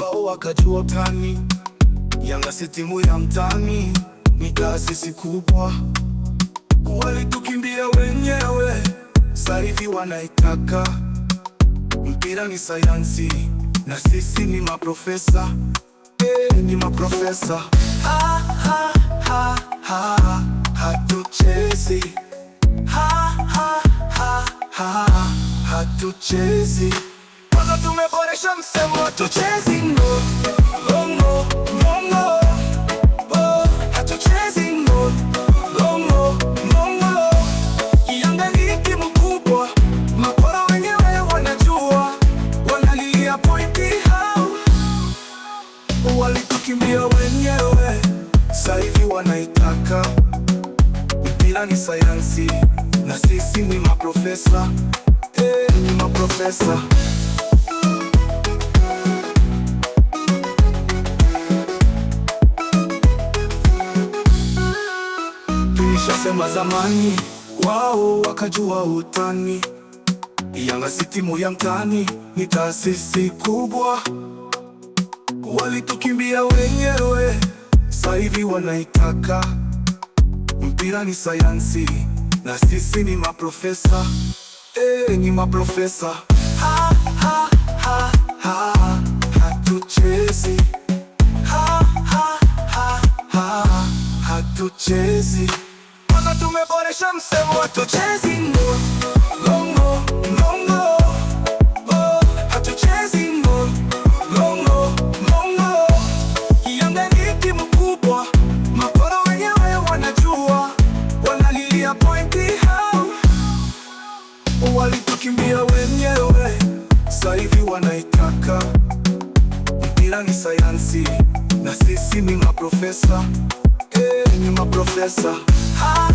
wao wakajua utani. Yanga si timu ya mtani, ni taasisi kubwa, walitukimbia wenyewe, saivi wanaitaka. Mpira ni sayansi na sisi ni maprofesa e, ni maprofesa ha, ha, ha, ha, hatuchezi ha, ha, ha, ha, hatuchezi preparations se hatuchezi no no no no mapora wenyewe wanajua, wanalilia wenyewe, saivi wanaitaka mpira ni sayansi na sisi ni maprofesa. Hey, eh, ni maprofesa walisema zamani, wao wakajua utani. Yanga si timu ya mtani, ni taasisi kubwa. Walitukimbia wenyewe, sasa hivi wanaitaka. Mpira ni sayansi na sisi ni maprofesa. E, ni maprofesa. Ha, ha, ha, ha, hatuchezi ha, ha, ha, ha, hatuchezi hapa tumeboresha msemo wa tuchezi no, longo, hatuchezi no, longo, longo. Oh, Kiangalia timu kubwa, wenyewe wanajua, wanalilia pointi walitukimbia wenyewe, sasa wanaitaka. Mpira ni sayansi na sisi ni maprofesa. Hey, eh, ni maprofesa ha.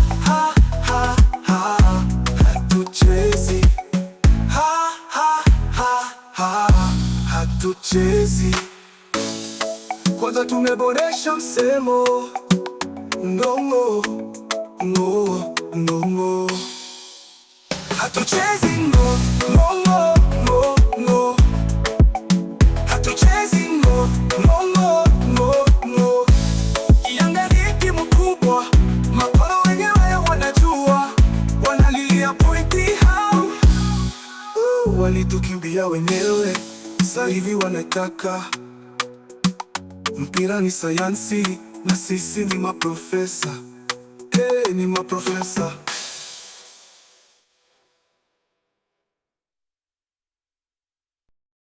hatuchezi. Kwanza tumeboresha msemo ng'ong'o, ng'o, ng'ong'o. Hatuchezi ng'o, ng'ong'o, Hatuchezi ng'o, ng'ong'o, mkubwa, wenyewe wanajua, wanalilia walitukimbia wenyewe sasa hivi wanataka. Mpira ni sayansi na sisi ni maprofesa. Hey, ni maprofesa.